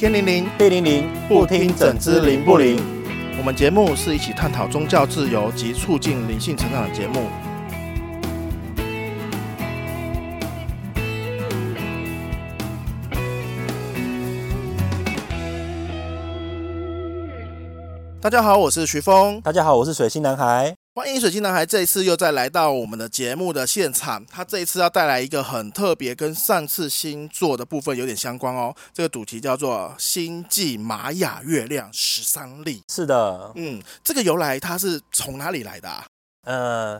天靈靈，地靈靈，不聽整隻靈不靈。我們節目是一起探討宗教自由及促進靈性成長的節目。大家好，我是徐峰。大家好，我是水星男孩。歡迎水星男孩，這一次又再來到我們的節目的現場。他這一次要帶來一個很特別，跟上次星座的部分有點相關哦。這個主題叫做“星際瑪雅月亮十三曆”。是的，嗯，這個由來它是從哪裡來的啊？呃，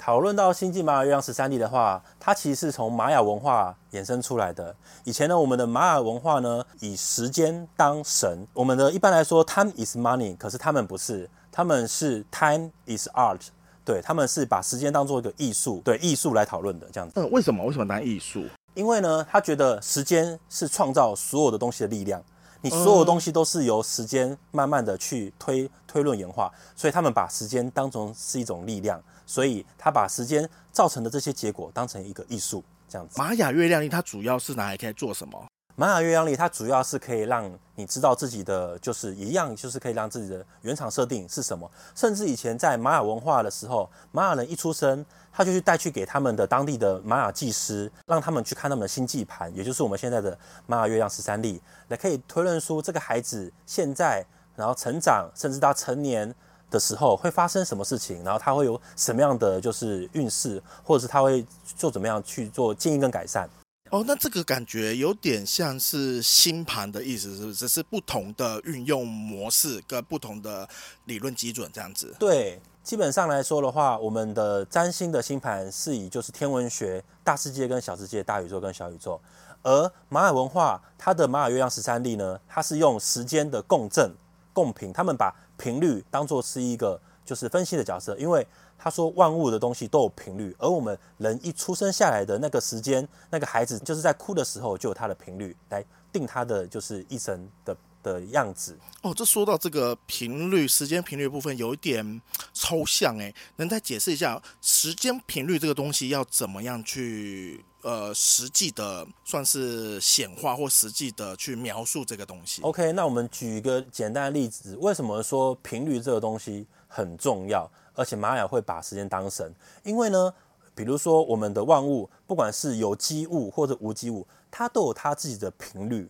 討論到星際瑪雅月亮十三曆的話，它其實是從瑪雅文化衍生出來的。以前呢，我們的瑪雅文化呢，以時間當神。我們的一般來說，Time is money，可是他們不是。他們是 time is art，對，他們是把時間當做一個藝術，對藝術來討論的這樣子、呃。為什麼？為什麼拿藝術？因為呢，他覺得時間是創造所有的東西的力量，你所有的東西都是由時間慢慢的去推、嗯、推論演化，所以他們把時間當成是一種力量，所以他把時間造成的這些結果當成一個藝術這樣子。瑪雅月亮曆，它主要是拿來可以做什麼？瑪雅月亮歷它主要是可以讓你知道自己的就是一樣，就是可以讓自己的原廠設定是什麼。甚至以前在瑪雅文化的時候，瑪雅人一出生，他就去帶去給他們的當地的瑪雅祭司，讓他們去看他們的星際盤，也就是我們現在的瑪雅月亮十三歷，來可以推論出這個孩子現在，然後成長，甚至到成年的時候會發生什麼事情，然後他會有什麼樣的就是運勢，或者是他會做怎麼樣去做建議跟改善。哦，那這個感覺有點像是星盤的意思，是不是？只是不同的運用模式跟不同的理論基準這樣子。對，基本上來說的話，我們的占星的星盤是以就是天文學大世界跟小世界、大宇宙跟小宇宙，而瑪雅文化它的瑪雅月亮十三曆呢，它是用時間的共振、共頻，他們把頻率當做是一個就是分析的角色，因為。他說：“萬物的東西都有頻率，而我們人一出生下來的那個時間，那個孩子就是在哭的時候就有它的頻率，來定他的就是一生的的樣子。”哦，這說到這個頻率、時間頻率部分有一點抽象，哎，能再解釋一下時間頻率這個東西要怎麼樣去呃實際的算是顯化，或實際的去描述這個東西？OK，那我們舉一個簡單的例子，為什麼說頻率這個東西？很重要，而且瑪雅會把時間當神，因為呢，比如說我們的萬物，不管是有機物或者無機物，它都有它自己的頻率，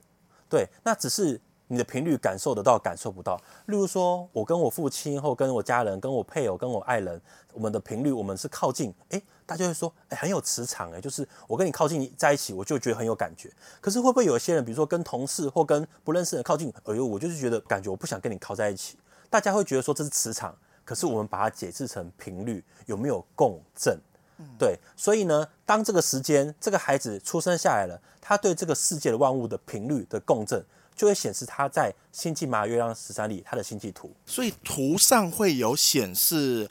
對，那只是你的頻率感受得到，感受不到。例如說，我跟我父親或跟我家人、跟我配偶、跟我愛人，我們的頻率我們是靠近，誒，大家會說，誒，很有磁場，誒。就是我跟你靠近在一起，我就覺得很有感覺。可是會不會有一些人，比如說跟同事或跟不認識的人靠近，哎呦，我就是覺得感覺我不想跟你靠在一起，大家會覺得說這是磁場。可是我們把它解釋成頻率有沒有共振？嗯、對，所以呢，當這個時間這個孩子出生下來了，他對這個世界的萬物的頻率的共振，就會顯示他在星際瑪雅月亮十三曆，他的星際圖。所以圖上會有顯示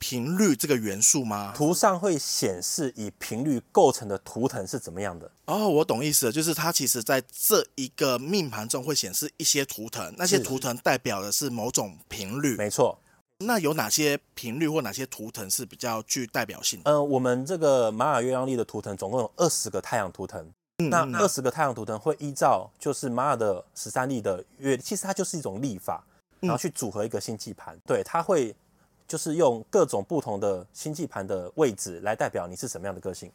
頻率這個元素嗎？圖上會顯示以頻率構成的圖騰是怎麼樣的？哦，我懂意思了，就是它其實在這一個命盤中會顯示一些圖騰，那些圖騰代表的是某種頻率。沒錯。那有哪些頻率或哪些圖騰是比較具代表性的？呃，我們這個瑪雅月亮曆的圖騰總共有二十個太陽圖騰。嗯、那二十個太陽圖騰會依照就是瑪雅的十三曆的月，其實它就是一種曆法，然後去組合一個星際盤。嗯、對，它會就是用各種不同的星際盤的位置來代表你是什麼樣的個性。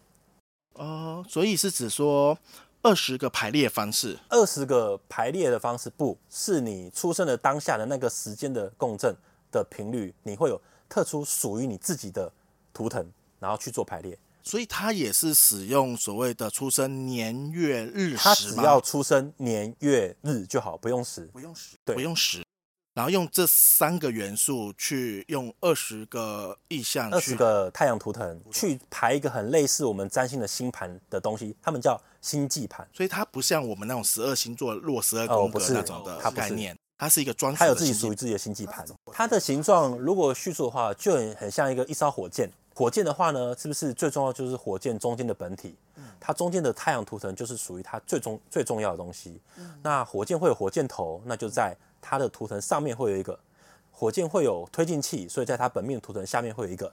呃，所以是指說二十個排列方式？二十個排列的方式不是你出生的當下的那個時間的共振的頻率，你會有特殊屬於你自己的圖騰，然後去做排列。所以它也是使用所謂的出生年月日時嗎？它只要出生年月日就好，不用時，不用時，對不用時。然後用這三個元素去用二十個意象，二十個太陽圖騰去排一個很類似我們占星的星盤的東西，他們叫星際盤。所以它不像我們那種十二星座，落十二宮格那種的，哦哦，概念。它是一個專屬，它有自己屬於自己的星際盤。它的形狀如果敘述的話，就很很像一個一艘火箭。火箭的話呢，是不是最重要就是火箭中間的本體？它中間的太陽圖騰就是屬於它最重最重要的東西。那火箭會有火箭頭，那就在它的圖騰上面會有一個。火箭會有推進器，所以在它本命圖騰下面會有一個。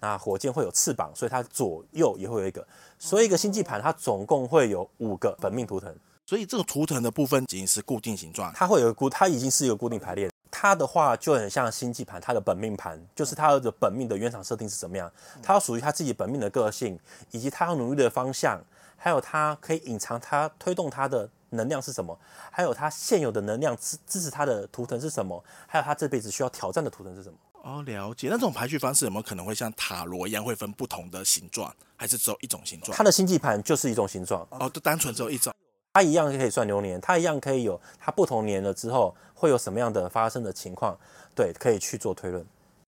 那火箭會有翅膀，所以它左右也會有一個。所以一個星際盤它總共會有五個本命圖騰。所以這個圖騰的部分已經是固定形狀，它會有固，它已經是一個固定排列。它的話就很像星際盤，它的本命盤就是它的本命的原廠設定是怎麼樣？它要屬於他自己本命的個性，以及他要努力的方向，還有它可以隱藏它、它推動它的能量是什麼？還有它現有的能量支支持它的圖騰是什麼？還有他這輩子需要挑戰的圖騰是什麼？哦，了解。那這種排序方式有沒有可能會像塔羅一樣，會分不同的形狀，還是只有一種形狀？它的星際盤就是一種形狀哦，就單純只有一種。嗯。它一樣可以算流年，它一樣可以有它不同年了之後會有什麼樣的發生的情況，對，可以去做推論。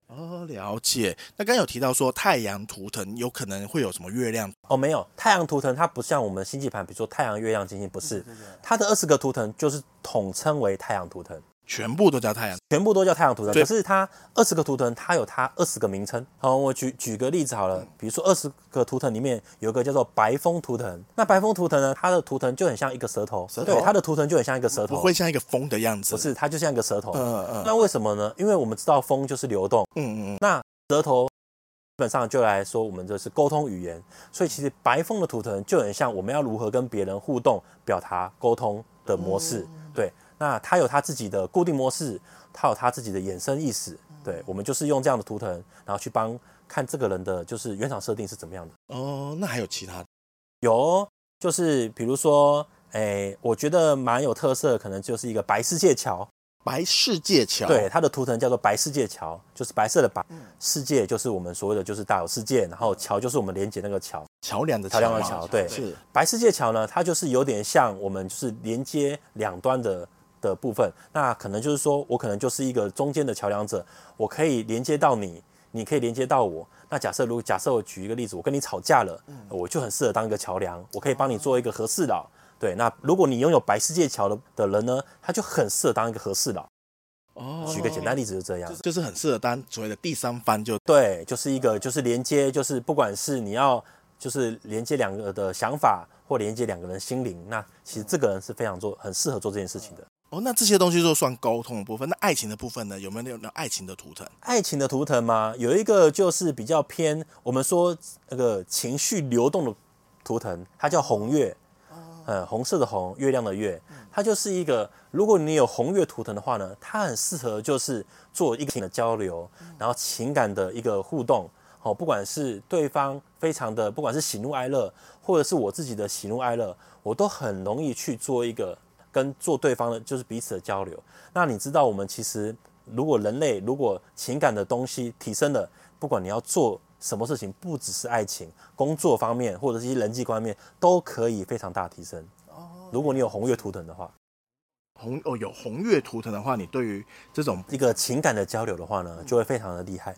哦，了解。那剛剛有提到說太陽圖騰有可能會有什麼月亮？哦，沒有，太陽圖騰它不像我們星際盤，比如說太陽、月亮、金星，不是，它的二十個圖騰就是統稱為太陽圖騰。全部都叫太陽，全部都叫太陽圖騰。對可是它二十個圖騰，它有它二十個名稱。好、哦，我舉舉個例子好了。嗯、比如說二十個圖騰裡面有個叫做白風圖騰，那白風圖騰呢，它的圖騰就很像一個舌頭。舌頭對，它的圖騰就很像一個舌頭。不不會像一個風的樣子？不是，它就像一個舌頭。嗯嗯。嗯那為什麼呢？因為我們知道風就是流動。嗯嗯嗯。嗯那舌頭基本上就來說，我們這是溝通語言。所以其實白風的圖騰就很像我們要如何跟別人互動、表達、溝通的模式。嗯、對。那他有他自己的固定模式，他有他自己的衍生意思。嗯、對我們就是用這樣的圖騰，然後去幫看這個人的就是原廠設定是怎麼樣的。哦、呃，那還有其他的？有，就是比如說，哎、欸，我覺得蠻有特色，可能就是一個白世界橋。白世界橋。對，它的圖騰叫做白世界橋，就是白色的白、嗯、世界，就是我們所謂的就是大有世界，然後橋就是我們連接那個橋橋梁的橋，橋梁的橋。對，是白世界橋呢，它就是有點像我們就是連接兩端的。的部分，那可能就是說，我可能就是一個中間的橋樑者，我可以連接到你，你可以連接到我。那假設如假設我舉一個例子，我跟你吵架了，嗯、我就很適合當一個橋樑，我可以幫你做一個和事佬、哦、對，那如果你擁有白世界橋的的人呢，他就很適合當一個和事佬、哦、舉個簡單例子就這樣，就是很適合當所謂的第三方，就對，就是一個就是連接，就是不管是你要就是連接兩個的想法，或連接兩個人心靈，那其實這個人是非常做很適合做這件事情的。哦，那這些東西都算溝通的部分。那愛情的部分呢？有沒有那種愛情的圖騰？愛情的圖騰嗎？有一個就是比較偏我們說那個情緒流動的圖騰，它叫紅月，嗯，紅色的紅，月亮的月。它就是一個，如果你有紅月圖騰的話呢，它很適合就是做一個情的交流，然後情感的一個互動。哦，不管是對方非常的，不管是喜怒哀樂，或者是我自己的喜怒哀樂，我都很容易去做一個。跟做對方的，就是彼此的交流。那你知道，我們其實如果人類如果情感的東西提升了，不管你要做什麼事情，不只是愛情、工作方面，或者是一些人際關係方面，都可以非常大提升。如果你有紅月圖騰的話，紅哦有紅月圖騰的話，你對於這種一個情感的交流的話呢，就會非常的厲害。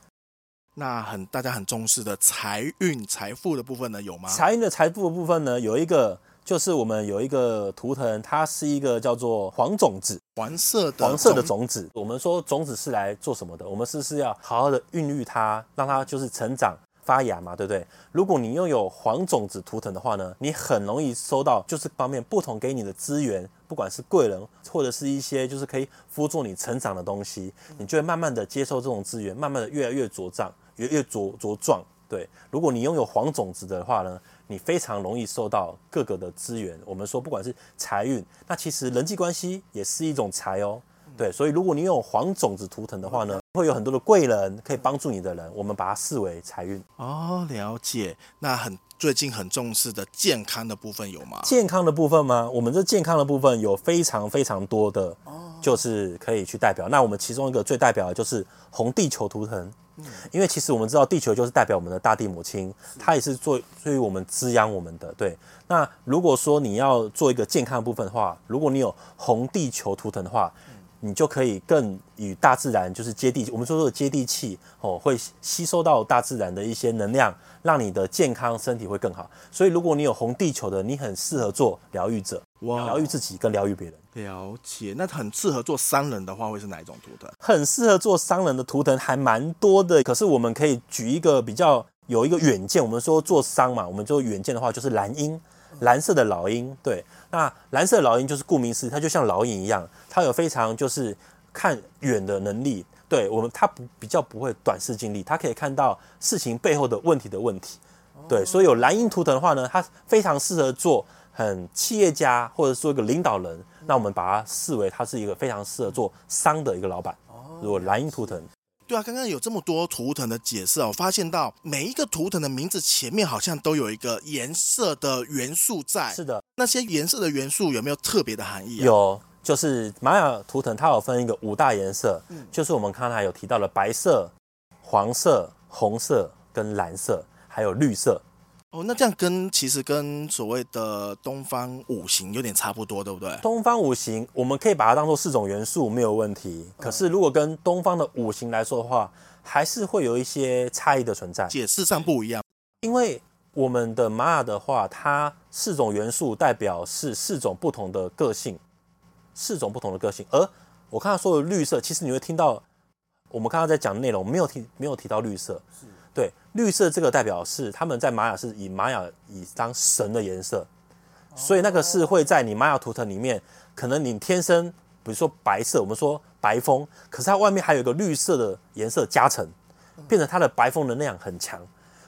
那很大家很重視的財運、財富的部分呢，有嗎？財運的財富的部分呢，有一個。就是我們有一個圖騰，它是一個叫做黃種子，黃色的黃色的種子。種子我們說種子是來做什麼的？我們是不是要好好的孕育它，讓它就是成長發芽嘛，對不對，對？如果你擁有黃種子圖騰的話呢，你很容易收到就是方面不同給你的資源，不管是貴人或者是一些就是可以輔助你成長的東西，嗯、你就會慢慢的接受這種資源，慢慢的越來越茁壯，越來越茁茁壯。對，如果你擁有黃種子的話呢？你非常容易受到各個的資源，我們說不管是財運，那其實人際關係也是一種財哦。對，所以如果你用黃種子圖騰的話呢，會有很多的貴人可以幫助你的人，我們把它視為財運。哦，了解。那很最近很重視的健康的部分有嗎？健康的部分嗎？我們這健康的部分有非常非常多的哦，就是可以去代表。那我們其中一個最代表的就是紅地球圖騰。嗯，因為其實我們知道，地球就是代表我們的大地母親，它也是做對於我們滋養我們的。對，那如果說你要做一個健康的部分的話，如果你有紅地球圖騰的話，你就可以更與大自然就是接地，我們所說的接地氣哦，會吸收到大自然的一些能量，讓你的健康身體會更好。所以如果你有紅地球的，你很適合做療癒者，療癒 Wow 自己跟療癒別人。了解，那很適合做商人的話，會是哪一種圖騰？很適合做商人的圖騰還蠻多的，可是我們可以舉一個比較有一個遠見。我們說做商嘛，我們做遠見的話就是藍鷹，藍色的老鷹。對，那藍色的老鷹就是顧名思義，它就像老鷹一樣，它有非常就是看遠的能力。對我們，它不比較不會短視近利，它可以看到事情背後的問題的問題。對，所以有藍鷹圖騰的話呢，它非常適合做。很企業家或者說一個領導人，嗯、那我們把他視為他是一個非常適合做商的一個老板。哦，如果藍鷹圖騰，對啊，剛剛有這麼多圖騰的解釋，我發現到每一個圖騰的名字前面好像都有一個顏色的元素在。是的，那些顏色的元素有沒有特別的含義、啊？有，就是瑪雅圖騰它有分一個五大顏色，嗯、就是我們剛才有提到的白色、黃色、紅色跟藍色，還有綠色。哦，那這樣跟其實跟所謂的東方五行有點差不多，對不對？東方五行，我們可以把它當做四種元素沒有問題。嗯，可是如果跟東方的五行來說的話，還是會有一些差異的存在，解釋上不一樣。因為我們的瑪雅的話，它四種元素代表是四種不同的個性，四種不同的個性。而我剛剛說的綠色，其實你會聽到我們剛剛在講的內容沒有提，沒有提到綠色。是。綠色這個代表是他們在瑪雅是以瑪雅以當神的顏色，所以那個是會在你瑪雅圖騰裡面，可能你天生比如說白色，我們說白風，可是它外面還有一個綠色的顏色加成，變成它的白風能量很強。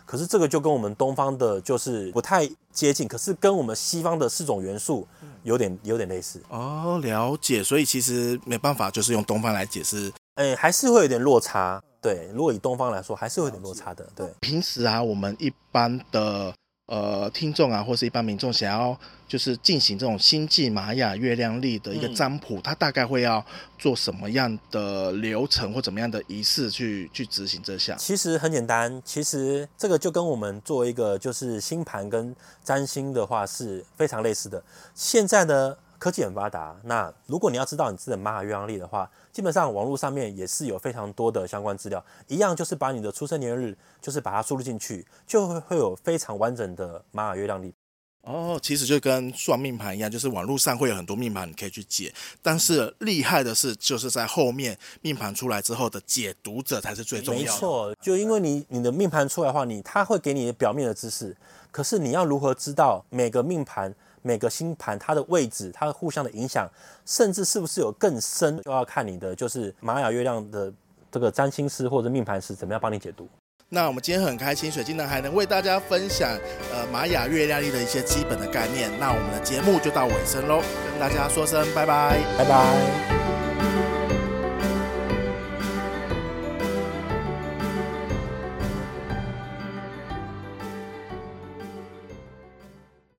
可是這個就跟我們東方的就是不太接近，可是跟我們西方的四種元素有點有點類似哦。了解。所以其實沒辦法，就是用東方來解釋。哎，還是會有點落差。對，如果以東方來說，還是會有點落差的。對，平時啊，我們一般的呃聽眾啊，或是一般民眾想要就是進行這種星際瑪雅月亮曆的一個占卜，嗯、他大概會要做什麼樣的流程或怎麼樣的儀式去去執行這項？其實很簡單，其實這個就跟我們做一個就是星盤跟占星的話是非常類似的。現在呢。科技很發達，那如果你要知道你自己的瑪雅月亮曆的話，基本上網絡上面也是有非常多的相關資料。一樣就是把你的出生年月日，就是把它輸入進去，就會會有非常完整的瑪雅月亮歷。哦，其實就跟算命盤一樣，就是網絡上會有很多命盤你可以去解，但是厲害的是就是在後面命盤出來之後的解讀者才是最重要的。沒錯，就因為你你的命盤出來的話，你他會給你表面的知識，可是你要如何知道每個命盤？每個星盤它的位置，它的互相的影響，甚至是不是有更深，就要看你的就是瑪雅月亮的這個占星師或者命盤師怎麼樣幫你解讀。那我們今天很開心，水星呢還能為大家分享呃瑪雅月亮曆的一些基本的概念。那我們的節目就到尾聲嘍，跟大家說聲拜拜，拜拜。拜拜。